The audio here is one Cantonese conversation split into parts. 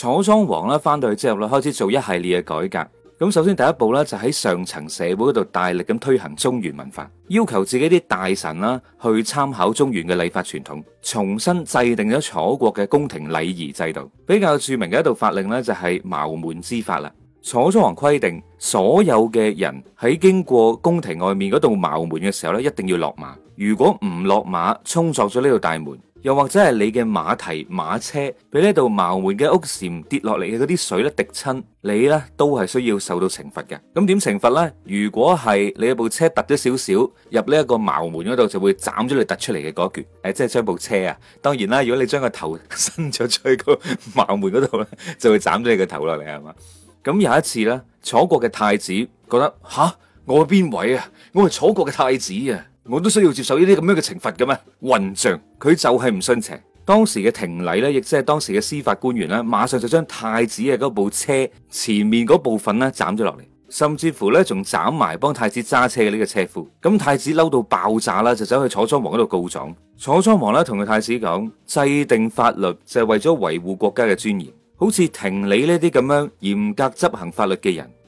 楚莊王呢，翻到去之後咧，開始做一系列嘅改革。咁首先第一步咧，就喺上層社會嗰度大力咁推行中原文化，要求自己啲大臣啦去參考中原嘅禮法傳統，重新制定咗楚國嘅宮廷禮儀制度。比較著名嘅一道法令咧，就係茅門之法啦。楚莊王規定，所有嘅人喺經過宮廷外面嗰度茅門嘅時候咧，一定要落馬。如果唔落馬，衝撞咗呢道大門。又或者係你嘅馬蹄馬車，俾呢度茅門嘅屋檐，跌落嚟嘅嗰啲水咧，滴親你咧，都係需要受到懲罰嘅。咁點懲罰咧？如果係你部車突咗少少入呢一個茅門嗰度，就會斬咗你突出嚟嘅嗰橛。誒，即係將部車啊，當然啦，如果你將個頭伸咗出去個茅門嗰度咧，就會斬咗你個頭落嚟係嘛。咁有一次咧，楚國嘅太子覺得吓，我係邊位啊？我係楚國嘅太子啊！我都需要接受呢啲咁樣嘅懲罰嘅咩？混賬！佢就係唔信邪。當時嘅廷禮呢，亦即係當時嘅司法官員呢，馬上就將太子嘅嗰部車前面嗰部分呢斬咗落嚟，甚至乎呢仲斬埋幫太子揸車嘅呢個車夫。咁太子嬲到爆炸啦，就走去楚莊王嗰度告狀。楚莊王呢，同佢太子講，制定法律就係為咗維護國家嘅尊嚴，好似廷禮呢啲咁樣嚴格執行法律嘅人。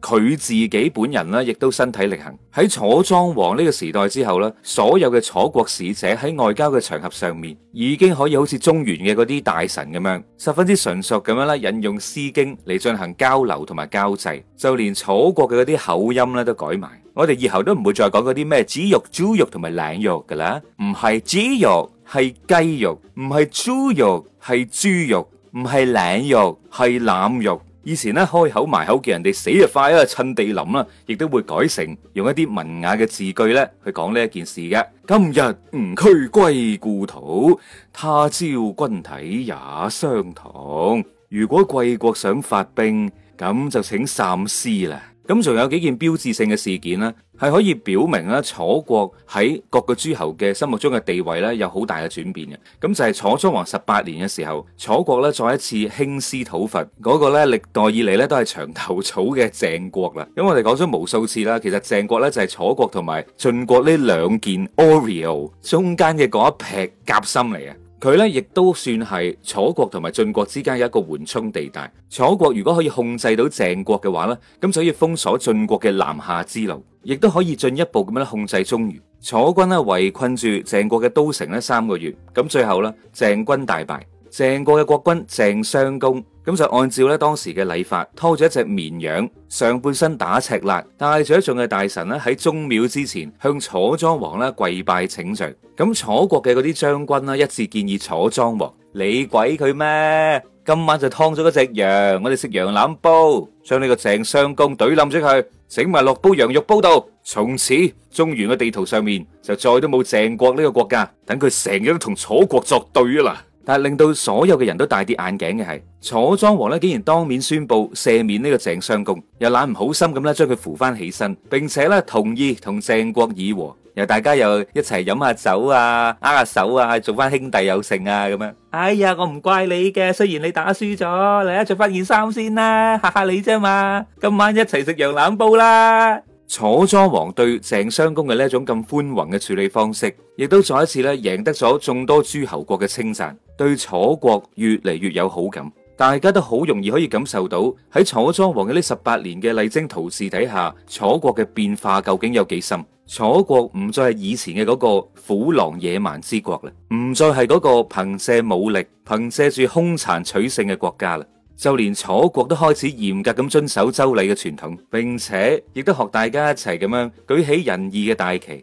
佢自己本人啦，亦都身體力行，喺楚莊王呢個時代之後啦，所有嘅楚國使者喺外交嘅場合上面，已經可以好似中原嘅嗰啲大臣咁樣，十分之純熟咁樣啦，引用詩經嚟進行交流同埋交際，就連楚國嘅嗰啲口音啦都改埋。我哋以後都唔會再講嗰啲咩子肉、豬肉同埋領肉噶啦，唔係子肉係雞肉，唔係豬肉係豬肉，唔係領肉係腩肉。以前咧，開口埋口叫人哋死就快啦，趁地淋啦、啊，亦都會改成用一啲文雅嘅字句呢去講呢一件事嘅。今日吾軀歸故土，他朝君體也相同。如果貴國想發兵，咁就請三思啦。咁仲有幾件標誌性嘅事件呢係可以表明咧楚國喺各個諸侯嘅心目中嘅地位咧有好大嘅轉變嘅。咁就係楚莊王十八年嘅時候，楚國咧再一次興師討伐嗰、那個咧歷代以嚟咧都係長頭草嘅鄭國啦。咁我哋講咗無數次啦，其實鄭國咧就係楚國同埋晉國呢兩件 Oreo 中間嘅嗰一劈夾心嚟嘅。佢咧亦都算係楚國同埋晉國之間有一個緩衝地帶。楚國如果可以控制到鄭國嘅話咧，咁就可以封鎖晉國嘅南下之路，亦都可以進一步咁樣控制中原。楚軍咧圍困住鄭國嘅都城咧三個月，咁最後咧鄭軍大敗。鄭國嘅國君鄭襄公，咁就按照咧當時嘅禮法，拖住一隻綿羊，上半身打赤肋，帶住一眾嘅大臣咧喺宗廟之前向楚莊王咧跪拜請罪。咁楚國嘅嗰啲將軍啦，一致建議楚莊王：你鬼佢咩？今晚就劏咗一隻羊，我哋食羊腩煲，將呢個鄭襄公懟冧咗佢，整埋落煲羊肉煲度。從此中原嘅地圖上面就再都冇鄭國呢個國家，等佢成日都同楚國作對啊！嗱。但係令到所有嘅人都大跌眼鏡嘅係，楚莊王咧竟然當面宣布赦免呢個鄭襄公，又懶唔好心咁咧將佢扶翻起身，並且咧同意同鄭國議和，又大家又一齊飲下酒啊，握下手啊，做翻兄弟有成啊咁樣。哎呀，我唔怪你嘅，雖然你打輸咗，嚟一著翻件衫先啦，嚇嚇你啫嘛，今晚一齊食羊腩煲啦。楚莊王對鄭襄公嘅呢種咁寬宏嘅處理方式，亦都再一次咧贏得咗眾多諸侯國嘅稱讚，對楚國越嚟越有好感。大家都好容易可以感受到喺楚莊王嘅呢十八年嘅勵精圖治底下，楚國嘅變化究竟有幾深？楚國唔再係以前嘅嗰個虎狼野蠻之國啦，唔再係嗰個憑借武力、憑借住凶殘取勝嘅國家啦。就連楚國都開始嚴格咁遵守周禮嘅傳統，並且亦都學大家一齊咁樣舉起仁義嘅大旗，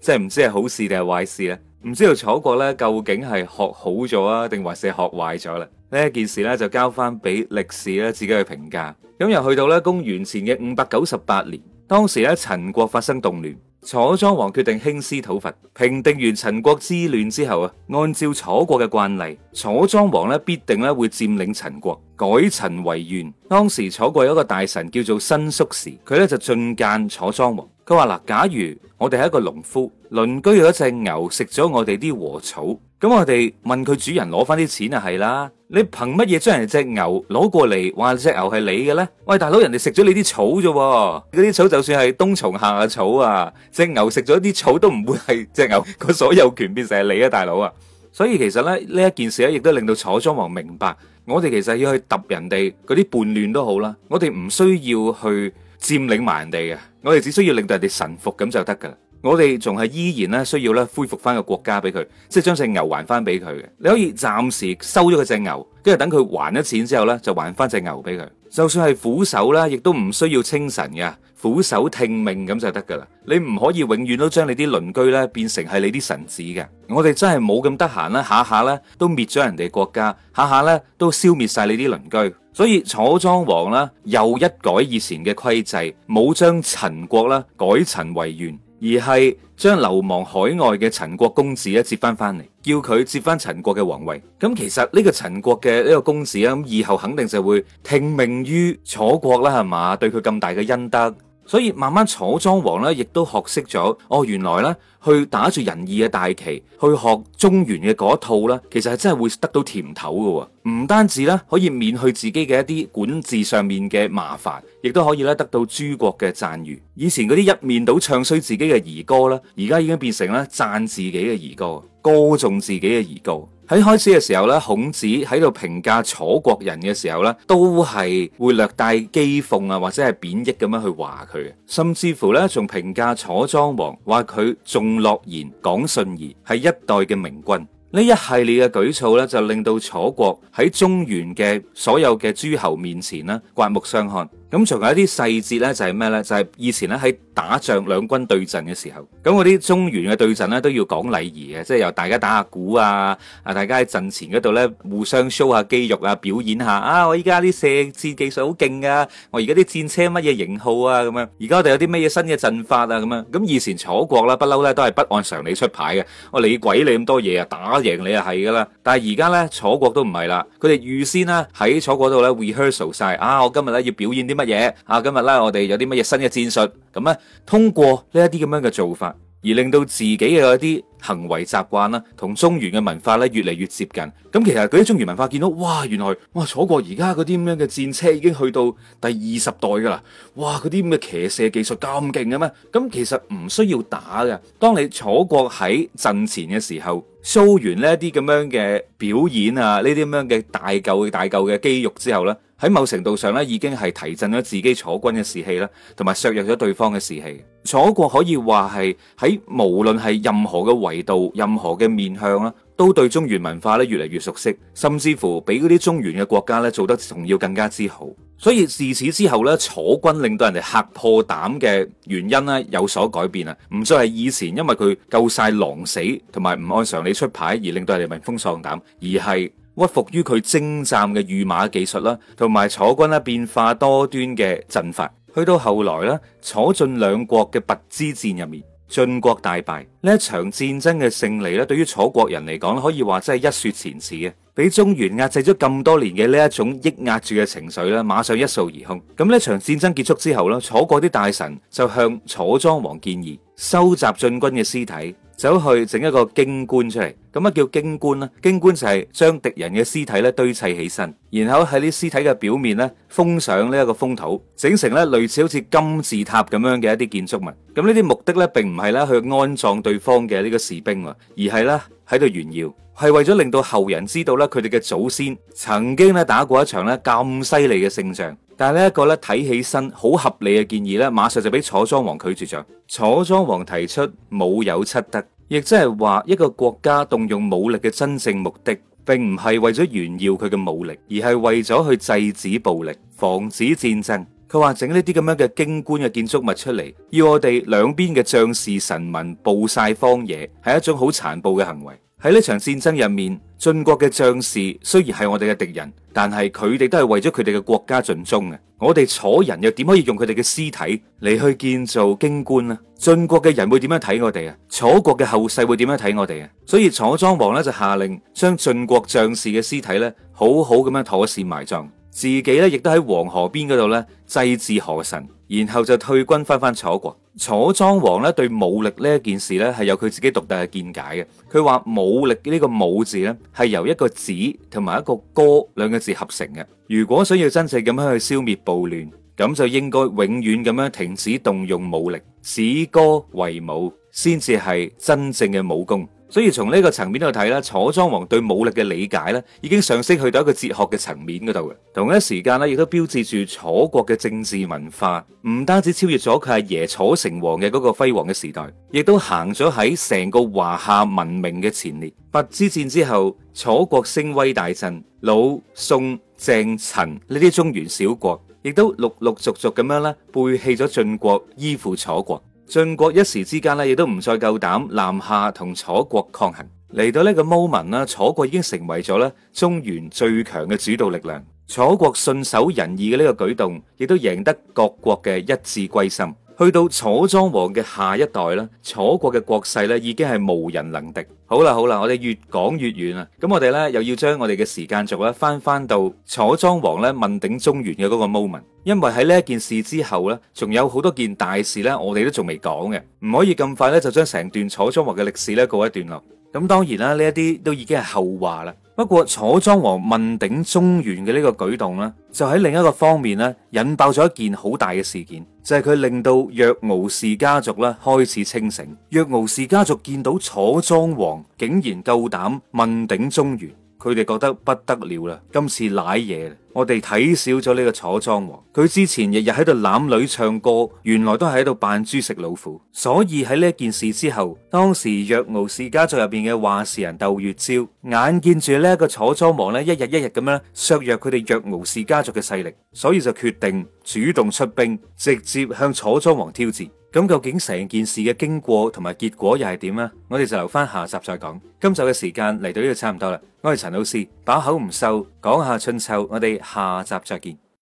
即係唔知係好事定係壞事咧？唔知道楚國咧究竟係學好咗啊，定還是學壞咗啦？呢一件事咧就交翻俾歷史咧自己去評價。咁又去到咧公元前嘅五百九十八年，當時咧陳國發生動亂。楚莊王決定興師討伐，平定完陳國之亂之後啊，按照楚國嘅慣例，楚莊王咧必定咧會佔領陳國，改陳為原。當時楚國有一個大臣叫做申叔時，佢咧就進諫楚莊王，佢話嗱，假如我哋係一個農夫，鄰居有一隻牛食咗我哋啲禾草。咁我哋問佢主人攞翻啲錢就係啦，你憑乜嘢將人隻牛攞過嚟話隻牛係你嘅咧？喂大佬，人哋食咗你啲草啫，嗰啲草就算係冬蟲夏草啊，隻牛食咗啲草都唔會係隻牛個所有權變成係你啊，大佬啊！所以其實咧呢一件事咧，亦都令到楚莊王明白，我哋其實要去揼人哋嗰啲叛亂都好啦，我哋唔需要去佔領埋人哋嘅，我哋只需要令到人哋臣服咁就得噶啦。我哋仲係依然咧，需要咧，恢復翻個國家俾佢,即係將隻牛還翻俾佢嘅。你可以暫時收咗佢隻牛，跟住等佢還咗錢之後咧，就還翻隻牛俾佢。就算係俯首啦，亦都唔需要稱臣嘅，俯首聽命咁就得噶啦。你唔可以永遠都將你啲鄰居咧變成係你啲臣子嘅。我哋真係冇咁得閒啦，下下咧都滅咗人哋國家，下下咧都消滅晒你啲鄰居。所以楚莊王啦，又一改以前嘅規制，冇將陳國啦改陳為元。而係將流亡海外嘅陳國公子咧接翻翻嚟，叫佢接翻陳國嘅皇位。咁其實呢個陳國嘅呢個公子啊，咁以後肯定就會聽命於楚國啦，係嘛？對佢咁大嘅恩德。所以慢慢楚莊王咧，亦都學識咗哦，原來咧去打住仁義嘅大旗，去學中原嘅嗰一套咧，其實係真係會得到甜頭噶。啊，唔單止咧可以免去自己嘅一啲管治上面嘅麻煩，亦都可以咧得到諸國嘅讚譽。以前嗰啲一面倒唱衰自己嘅兒歌啦，而家已經變成咧讚自己嘅兒歌，歌頌自己嘅兒歌。喺開始嘅時候咧，孔子喺度評價楚國人嘅時候咧，都係會略帶譏諷啊，或者係貶抑咁樣去話佢，甚至乎咧仲評價楚莊王，話佢重諾言、講信義，係一代嘅明君。呢一系列嘅舉措咧，就令到楚國喺中原嘅所有嘅諸侯面前咧，刮目相看。咁仲有一啲細節咧，就係咩咧？就係以前咧喺打仗兩軍對陣嘅時候，咁嗰啲中原嘅對陣咧都要講禮儀嘅，即係由大家打下鼓啊，啊大家喺陣前嗰度咧互相 show 下肌肉啊，表演下啊！我依家啲射箭技術好勁啊！我而家啲戰車乜嘢型號啊？咁樣而家我哋有啲乜嘢新嘅陣法啊？咁樣咁以前楚國啦，不嬲咧都係不按常理出牌嘅，我理鬼你咁多嘢啊，打贏你啊，係噶啦！但係而家咧楚國都唔係啦，佢哋預先啦，喺楚國度咧 rehearsal 晒啊！我今日咧要表演啲嘢啊！今日咧，我哋有啲乜嘢新嘅戰術？咁咧，通過呢一啲咁樣嘅做法，而令到自己嘅一啲行為習慣啦，同中原嘅文化咧越嚟越接近。咁其實嗰啲中原文化見到哇，原來哇，楚國而家嗰啲咁樣嘅戰車已經去到第二十代噶啦！哇，嗰啲咁嘅騎射技術咁勁嘅咩？咁其實唔需要打嘅。當你楚國喺陣前嘅時候，show 完呢一啲咁樣嘅表演啊，呢啲咁樣嘅大嚿嘅大嚿嘅肌肉之後咧。喺某程度上咧，已經係提振咗自己楚軍嘅士氣啦，同埋削弱咗對方嘅士氣。楚國可以話係喺無論係任何嘅維度、任何嘅面向啦，都對中原文化咧越嚟越熟悉，甚至乎俾嗰啲中原嘅國家咧做得仲要更加之好。所以自此之後咧，楚軍令到人哋嚇破膽嘅原因咧有所改變喇，唔再係以前因為佢夠晒狼死同埋唔按常理出牌而令到人哋聞風喪膽，而係，屈服於佢精湛嘅御馬技術啦，同埋楚軍啦變化多端嘅陣法。去到後來啦，楚晉兩國嘅邲之戰入面，晉國大敗。呢一場戰爭嘅勝利咧，對於楚國人嚟講咧，可以話真係一雪前恥嘅。俾中原壓制咗咁多年嘅呢一種抑壓住嘅情緒咧，馬上一掃而空。咁呢一場戰爭結束之後咧，楚國啲大臣就向楚莊王建議，收集晉軍嘅屍體，走去整一個京觀出嚟。咁乜叫京觀啦，京觀就係將敵人嘅屍體咧堆砌起身，然後喺啲屍體嘅表面咧封上呢一個封土，整成咧類似好似金字塔咁樣嘅一啲建築物。咁呢啲目的咧並唔係咧去安葬對對方嘅呢個士兵，啊，而係咧喺度炫耀，係為咗令到後人知道咧，佢哋嘅祖先曾經咧打過一場咧咁犀利嘅勝仗。但係呢一個咧睇起身好合理嘅建議咧，馬上就俾楚莊王拒絕咗。楚莊王提出武有，有七德，亦即係話一個國家動用武力嘅真正目的，並唔係為咗炫耀佢嘅武力，而係為咗去制止暴力、防止戰爭。佢話整呢啲咁樣嘅京觀嘅建築物出嚟，要我哋兩邊嘅將士臣民暴曬荒野，係一種好殘暴嘅行為。喺呢場戰爭入面，晉國嘅將士雖然係我哋嘅敵人，但係佢哋都係為咗佢哋嘅國家盡忠嘅。我哋楚人又點可以用佢哋嘅屍體嚟去建造京觀呢？晉國嘅人會點樣睇我哋啊？楚國嘅後世會點樣睇我哋啊？所以楚莊王咧就下令將晉國將士嘅屍體咧好好咁樣妥善埋葬。自己咧亦都喺黃河邊嗰度咧祭祀河神，然後就退軍翻返楚國。楚莊王咧對武力呢一件事咧係有佢自己獨特嘅見解嘅。佢話武力呢個武字咧係由一個止同埋一個戈兩個字合成嘅。如果想要真正咁樣去消滅暴亂，咁就應該永遠咁樣停止動用武力，止戈為武，先至係真正嘅武功。所以從呢個層面度睇咧，楚莊王對武力嘅理解咧，已經上升去到一個哲學嘅層面嗰度嘅。同一時間咧，亦都標誌住楚國嘅政治文化唔單止超越咗佢阿爺楚成王嘅嗰個輝煌嘅時代，亦都行咗喺成個華夏文明嘅前列。邲之戰之後，楚國聲威大振，魯、宋、鄭、陳呢啲中原小國，亦都陸陸續續咁樣啦，背棄咗晉國，依附楚國。晉國一時之間呢亦都唔再夠膽南下同楚國抗衡。嚟到呢個 e n t 楚國已經成為咗咧中原最強嘅主導力量。楚國信守仁義嘅呢個舉動，亦都贏得各國嘅一致歸心。去到楚莊王嘅下一代啦，楚國嘅國勢咧已經係無人能敵。好啦好啦，我哋越講越遠啦，咁我哋咧又要將我哋嘅時間軸咧翻翻到楚莊王咧問鼎中原嘅嗰個 moment，因為喺呢一件事之後咧，仲有好多件大事咧，我哋都仲未講嘅，唔可以咁快咧就將成段楚莊王嘅歷史咧告一段落。咁當然啦，呢一啲都已經係後話啦。不過楚莊王問鼎中原嘅呢個舉動呢，就喺另一個方面呢，引爆咗一件好大嘅事件，就係佢令到若敖氏家族咧開始清醒。若敖氏家族見到楚莊王竟然夠膽問鼎中原，佢哋覺得不得了啦，今次瀨嘢。我哋睇少咗呢個楚莊王，佢之前日日喺度攬女唱歌，原來都係喺度扮豬食老虎。所以喺呢件事之後，當時若敖氏家族入邊嘅話事人鬥越椒，眼見住呢一個楚莊王咧，一日一日咁樣削弱佢哋若敖氏家族嘅勢力，所以就決定主動出兵，直接向楚莊王挑戰。咁究竟成件事嘅經過同埋結果又係點呢？我哋就留翻下集再講。今集嘅時間嚟到呢度差唔多啦。我係陳老師，把口唔收，講下春秋。我哋。下集再見。